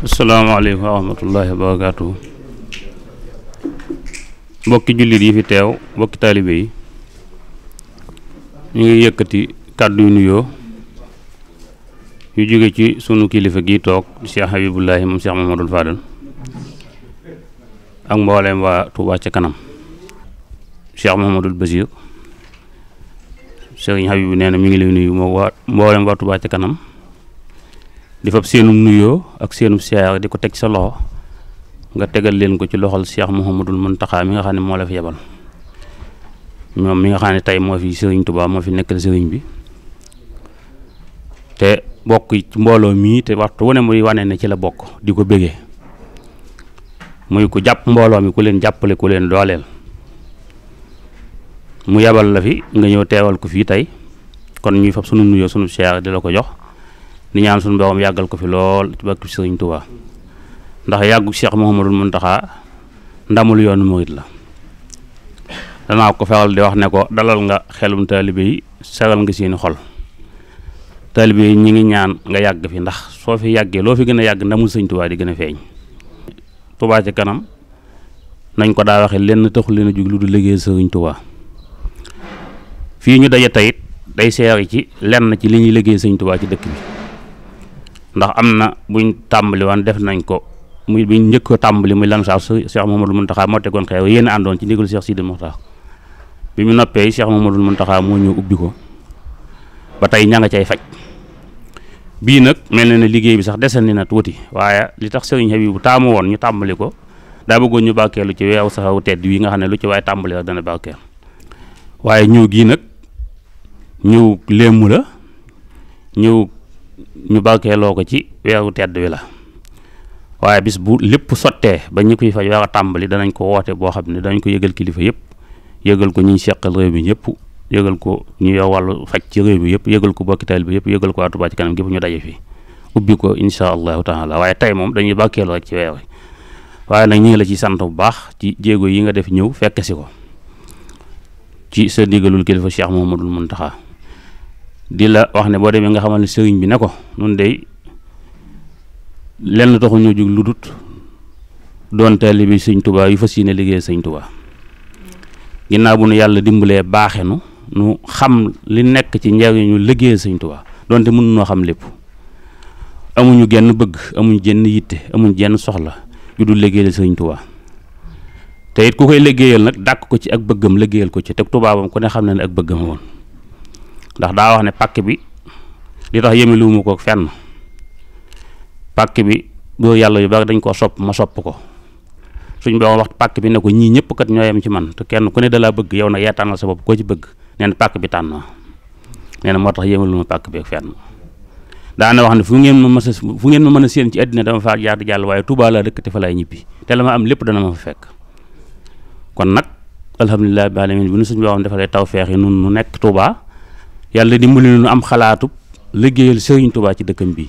asalaamaaleykum wa rahmatullahi wa barakaatu mbokki jullit yi fi teew mbokki taalibe yi mu ngi yëkkati kàddu yu nuyoo yu jóge ci sunu kilifa gi toog Cheikh Habibullahi moom Cheikh Mamadul Fadal ak mboolem waa Touba ca kanam Cheikh Mamadul Basir Serigne Habibu nee na mi ngi lay nuyu moo waa mboolem waa ca kanam di fab seenum nuyoo ak seenum siyaar di ko teg sa loxo nga tegal leen ko ci loxol Cheikh Mouhamadul taxaa mi nga xam ne moo la fi yebal ñoom mi nga xam ne tey moo fi sëriñ Touba moo fi nekkal sëriñ bi te bokk ci mbooloo mii te waxtu wu ne muy wane ne ci la bokk di ko bégee muy ko jàpp mbooloo mi ku leen jàppale ko leen dooleel mu yebal la fi nga ñëw teewal ko fii tey kon ñuy fab sunu nuyoo sunu siyaar di la ko jox. di ñaan suñu borom yàggal ko fi lool ci bakki Sëriñ Tuubaa ndax yàggu Cheikh Mouhamadul Mountakha ndamul yoon murit la danaa ko feral di wax ne ko dalal nga xelum taalibe yi sagal nga seeni xol taalibe yi ñu ngi ñaan nga yàgg fi ndax soo fi yàggee loo fi gën a yàgg ndamul Sëriñ Tuubaa di gën a feeñ Tuubaa ci kanam nañ ko daa waxe lenn taxul leen a jug lu du liggéey Sëriñ Tuubaa fii ñu daje tayit day seeri ci lenn ci li ñuy liggéey Sëriñ Tuubaa ci dëkk bi ndax am na buñ tàmbali woon def nañ ko mu buñ njëkk ko tàmbali muy lan sax Cheikh Mouhamadou Mountakha moo tegoon xew yéen a àndoon ci ndigal Cheikh Sidi bi mu noppee Cheikh Mouhamadou Mountakha moo ñëw ubbi ko ba tey ña nga cay faj bii nag mel na ne liggéey bi sax desandi na tuuti waaye li tax sëriñ Habib bu taamu woon ñu tàmbali ko daa bëggoon ñu lu ci weewu saxaw tedd wi nga xam ne lu ci waaye tàmbali rek dana barkeel waaye ñëw gii nag ñëw léemu la ñëw ñu barkeeloo ko ci weeru tedd wi la waaye bis bu lépp sottee ba ñi koy faj waa a tàmbali danañ ko woote boo xam ne danañ ko yëgal kilifa yëpp yëgal ko ñuy seqal réew mi ñëpp yëgal ko ñu yow wàllu faj ci réew mi yëpp yëgal ko bokki taal bi yëpp yëgal ko Touba ci kanam gépp ñu daje fi ubbi ko incha allahu taala waaye tey moom dañuy barkeeloo rek ci weer wi waaye nag ñu ngi la ci sant bu baax ci jéego yi nga def ñëw fekk si ko ci sa ndigalul kilifa Cheikh mun Mountakha di la wax ne boo demee nga xamal ne sëriñ bi ne ko nun day lenn taxu ñoo jug lu dut doon taalibe sëñ tubaa yu fa yéene liggéey sëñ tubaa ginnaaw bu nu yàlla dimbalee baaxe nu nu xam li nekk ci njariñu liggéey sëñ tubaa donte mën noo xam lépp amuñu genn bëgg amuñu jenn yitte amuñu jenn soxla yu dul liggéeyal sëñ tubaa te it ku koy liggéeyal nag dàkk ko ci ak bëggam liggéeyal ko ci te tubaabam ku ne xam na ne ak bëggam woon ndax daa wax ne pàkk bi li tax yéeme luuma fenn pàkk bi góor yàlla yu bari dañ koo sopp ma sopp ko suñ boo wax pàkk bi ne ko ñii ñëpp kat ñoo yem ci man te kenn ku ne da laa bëgg yow na yaa tànnal sa bopp koo ci bëgg nee pàkk bi tànn ma nee na moo tax yéeme luuma pàkk bi fenn daana wax ne fu ngeen ma mës a ngeen ma mën a séen ci àddina dama faa jaar di jàll waaye Tuubaa laa dëkk te fa laay ñibbi te la ma am lépp dana ma fa fekk kon nag alhamdulilah bi alamin bu nu suñ boo xam defalee tawfeex yi nekk Tuubaa yàlla dimbali nu am xalaatu liggéeyal Serigne tubaa ci dëkkam bi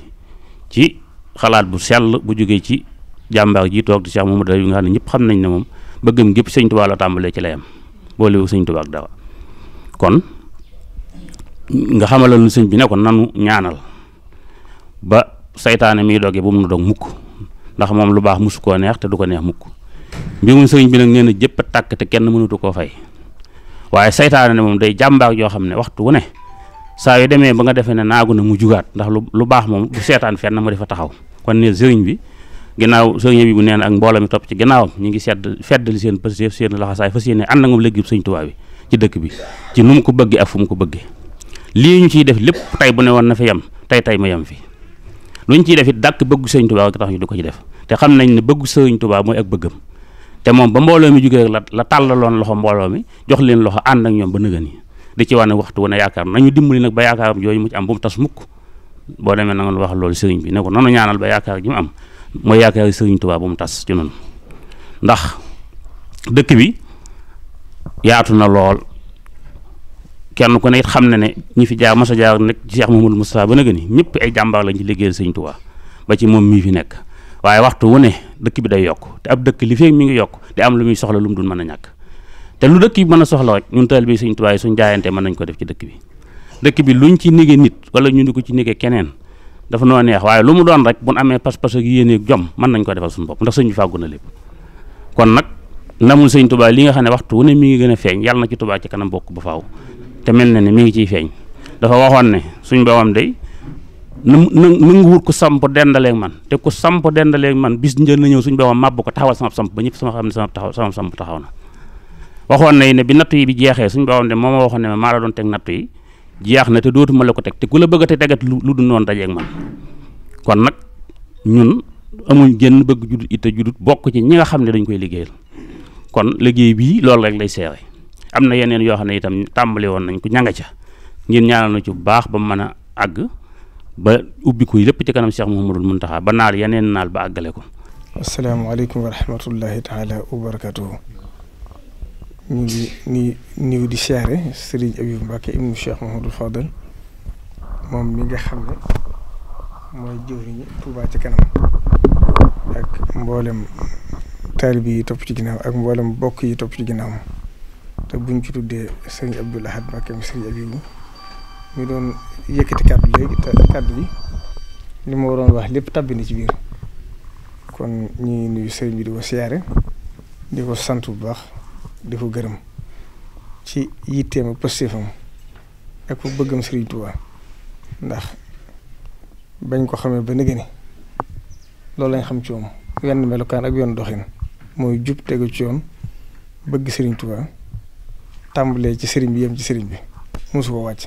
ci xalaat bu sell bu jógee ci jàmbaar ji toog di Cheikh Mamadou yu nga xam ne ñëpp xam nañ ne moom bëggam gépp Serigne Touba la ci layam boolewu Serigne Touba ak dara nga xamalal sëñ bi ne ko nanu ñaanal ba saytaane miy doge bu mu dog mukk ndax moom lu baax musu koo neex te du ko neex mukk mbirum sëriñ bi nag nee jëpp a tàkk te kenn mënatu koo fay waaye saytaane ne moom day jàmbaar yoo xam ne waxtu wu ne saa yu demee ba nga defee ne naagu na mu jugaat ndax lu lu baax moom du seetaan fenn mu defa taxaw kon ne sëriñ bi ginnaaw sëriñ bi bu nee na ak mbooloo mi topp ci ginnaawam ñu ngi sedd feddali seen positif seen laxasaay fas yéene ànd ak moom léegi sëñ Tuubaa bi ci dëkk bi ci nu mu ko bëggee fu mu ko bëggee lii ñu ciy def lépp tey bu ne woon na fi yem tey tey ma yem fi lu ñu ciy def it dàkk bëggu sëñ Tuubaa tax ñu di ko ci def te xam nañ ne bëggu sëriñ Tuubaa mooy ak bëggam te moom ba mbooloo mi jugee rek la la tàllaloon loxo mbooloo mi jox leen loxo ànd ak ñoom ba nëgën yi di ci wane waxtu wu ne yaakaar nañu dimbali nag ba yaakaaram yooyu mu ci am bu mu tas mukk boo demee na nga wax lool sëriñ bi ne ko nanu ñaanal ba yaakaar ji mu am mooy yaakaar sëriñ Tuubaa bu mu tas ci noonu ndax dëkk bi yaatu na lool kenn ku ne it xam na ne ñi fi jaar masa jaar nekk Cheikh Mouhamadou Moustapha ba nag ni ñëpp ay jàmbaar lañ ci liggéeyal sëriñ Tuubaa ba ci moom mii fi nekk waaye waxtu wu ne dëkk bi day yokk te ab dëkk li fekk mi ngi yokk di am lu muy soxla lu mu dul mën a ñàkk te lu dëkk bi mën a soxla rek ñun taalibe Sëriñ Tuubaa yi suñ jaayante mën nañ ko def ci dëkk bi dëkk bi luñ ci nige nit wala ñu di ko ci nige keneen dafa noo neex waaye lu mu doon rek bu nu amee pas-pas ak mën nañ ko defal suñu bopp ndax sëñ bi lépp kon nag ndamul sëñ Tuubaa li nga xam ne waxtu wu ne mi ngi gën a feeñ yàlla na ci Tuubaa ci kanam bokk ba faaw te mel na ne mi ngi ciy feeñ dafa waxoon ne suñ boobam day na na nga wut ku samp dendaleeg man te ku samp dendaleeg man bis njël na ñëw suñ boobam màbb ko taxawal sama samp ba ñëpp sama xam ne sama taxaw sama samp taxaw waxoon nañ ne bi natt yi bi jeexee suñu borom de moo ma waxoon ne ma maa la doon teg natt yi jeex na te dootuma la ko teg te ku la bëgg te tegat lu du noonu dajeeg man kon nag ñun amuñ génn bëgg judut it te judut bokk ci ñi nga xam ne dañ koy liggéeyal kon liggéey bii loolu rek lay seere am na yeneen yoo xam ne itam tàmbali woon nañ ko ñanga ca ngeen ñaanal na ci bu baax ba mën a àgg ba ubbi ko lépp ci kanam Cheikh Mouhamadul Mountakha ba naal yeneen naal ba àggale ko. asalaamaaleykum wa rahmatullahi taala ñu ngi nii niw di siyaare Serigne Abibou Mbacke ibnu Cheikh du Fadal moom mi nga xam ne mooy jëwriñu Touba ci kanam ak mboolem taalibe yi topp ci ginnaaw ak mboolem bokk yi topp ci am te buñ ci tuddee Serigne Abdoul Ahad Mbacke mi Serigne Abibou mi doon yëkkati kàddu léegi te kàddu yi li ma waroon wax lépp tàbbi na ci biir kon ñu ngi nuyu Serigne bi di ko siyaare di ko sant bu baax. di ko gërëm ci yitteem ak pëstéefam ak ko bëggam Sëriñ Tuubaa ndax bañ ko xamee ba nëgëni loolu lañ xam ci moom wenn melokaan ak yoon doxin mooy jub tegu ci yoon bëgg Sëriñ Tuubaa tàmbalee ci sëriñ bi yem ci sëriñ bi mosu ko wàcc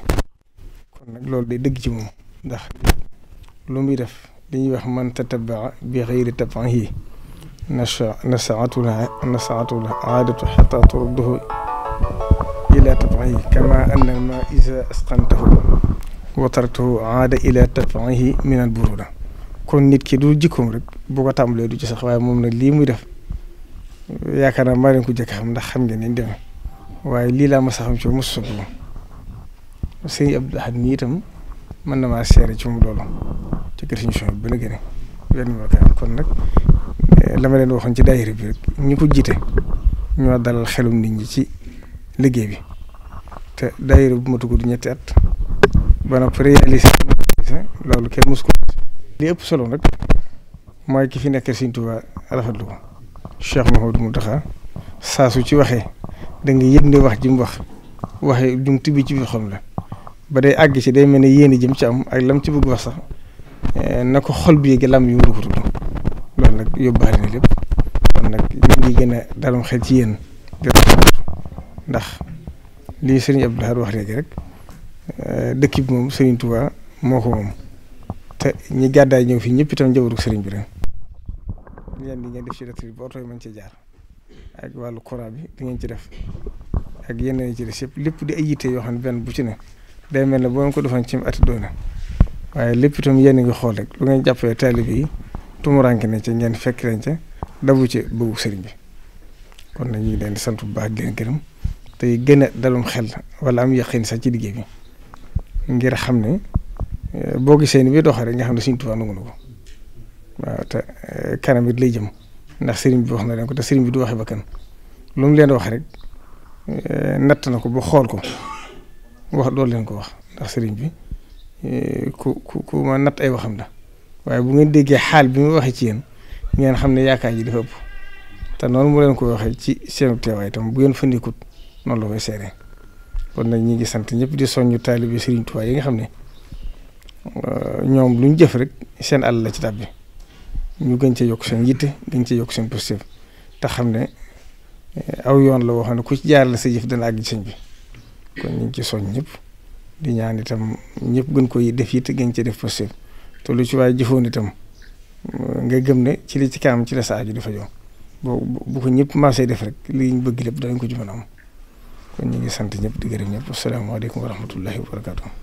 kon nag loolu day dëgg ci moom ndax lu muy def li ñuy wax man tatabaa bi xëyri taban yii nacha nasaatu nasaatu aadatu xata turudduhu ila tabihi kama anna alma isa asqantahu wa tartahu aada ila tabihi min al buruda kon nit ki du jikkoom rek bu ko tàmbalee du ci sax waaye moom nag lii muy def yaakaar naa maa leen ko jëkk xam ndax xam ngeen nañ demee waaye lii laa mas a xam ci mos sa bopp sëñ Abdou Lahad mi itam mën na maa seere ci mu doolu ci kër si ñu bi na gëne yoon am kon nag eh, la ma leen waxoon ci daayira bi rek ñi ko jiite ñoo dalal xelum nit ñi ci liggéey bi te daayira bu ma dugg du ñetti at ba nag réalisé loolu kenn mos ko li ëpp solo nag mooy ki fi nekk Sëriñ Tuubaa rafetlu ko Cheikh Mouhamadou Mountakha saa su ci waxee da nga yëg ne wax ji wax waxee jum tibbi ci bi xam la ba day àgg ci day mel ne yéen jëm ci am ak lam ci bëgg wax sax na ko xol bi yéegi lam yu mu rufutu loolu nag yóbbaale na lépp kon nag ñu ngi gën a dalum xel ci yéen ndax li sëriñ Abdou Lahad wax léegi rek euh, dëkk bi moom sëriñ Touba moo ko moom te ñi gàddaay ñëw fii ñëpp itam njabootu sëriñ bi rek li ngeen di ngeen def ci dëkk bi ba oto yi ci jaar ak wàllu koraa bi di ngeen ci def ak yeneen ci des yëpp lépp di ay yitte yoo xam ne benn bu ci ne day mel ne boo ko defoon ci at doona waaye lépp itam yéen a ngi xool rek lu ngeen jàppee taalib yi tumuranke ne ci ngeen fekk leen ca dabu ci bëggu sëriñ bi kon nag ñu leen di sant bu baax di leen tey gën a dalum xel wala am yaqin sax ci liggéey bi ngir xam ne eh, boo gisee ni bi doxee rek nga xam ne Sëriñ Tuubaa ko waaw te eh, kanam it lay jëm ndax sëriñ bi wax na leen ko te sëriñ bi du waxee ba kan lu mu leen wax rek eh, natt na ko ba xool ko wax doolu leen ko wax ndax sëriñ bi. Eh, ku ku ku ma natt ay waxam la waaye bu ngeen déggee xaal bi mu waxee ci yéen ngeen xam ne yaakaar ji dafa ëpp te noonu mu leen ko waxee ci seen teewaay tam bu ngeen fandikut noonu la koy seere kon nag ñi ngi sant ñëpp di soññu taalibe Serigne Touba yi nga xam ne euh, ñoom lu ñu jëf rek seen àll la ci tàbbi ñu gën cee yokk seen yitte gën cee yokk seen positif te xam ne eh, aw yoon la woo ne ku ci jaar la sa jëf dana àgg ci sëñ bi kon ñu ngi ci soñ ñëpp. di ñaan itam ñëpp gën koy def it gën ci def possible te lu ci waaye jëfoon itam nga gëm ne ci li ci kanam ci la saa ji dafa jox boo bu ko ñëpp marché def rek li ñu bëgg lépp danañ ko ci mën am kon ñu ngi sant ñëpp di gërëm ñëpp asalaamaaleykum wa rahmatullahi wa barakaatu.